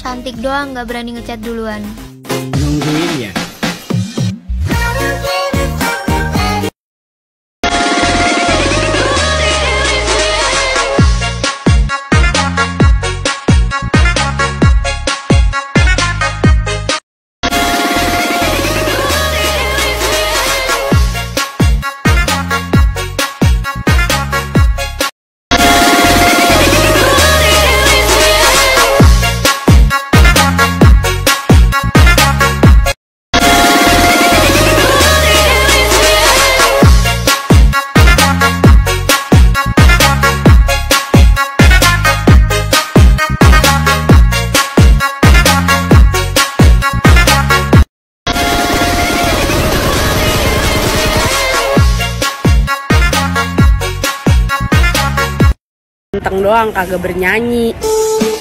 Cantik doang gak berani ngechat duluan. Nungguin ya? ganteng doang kagak bernyanyi.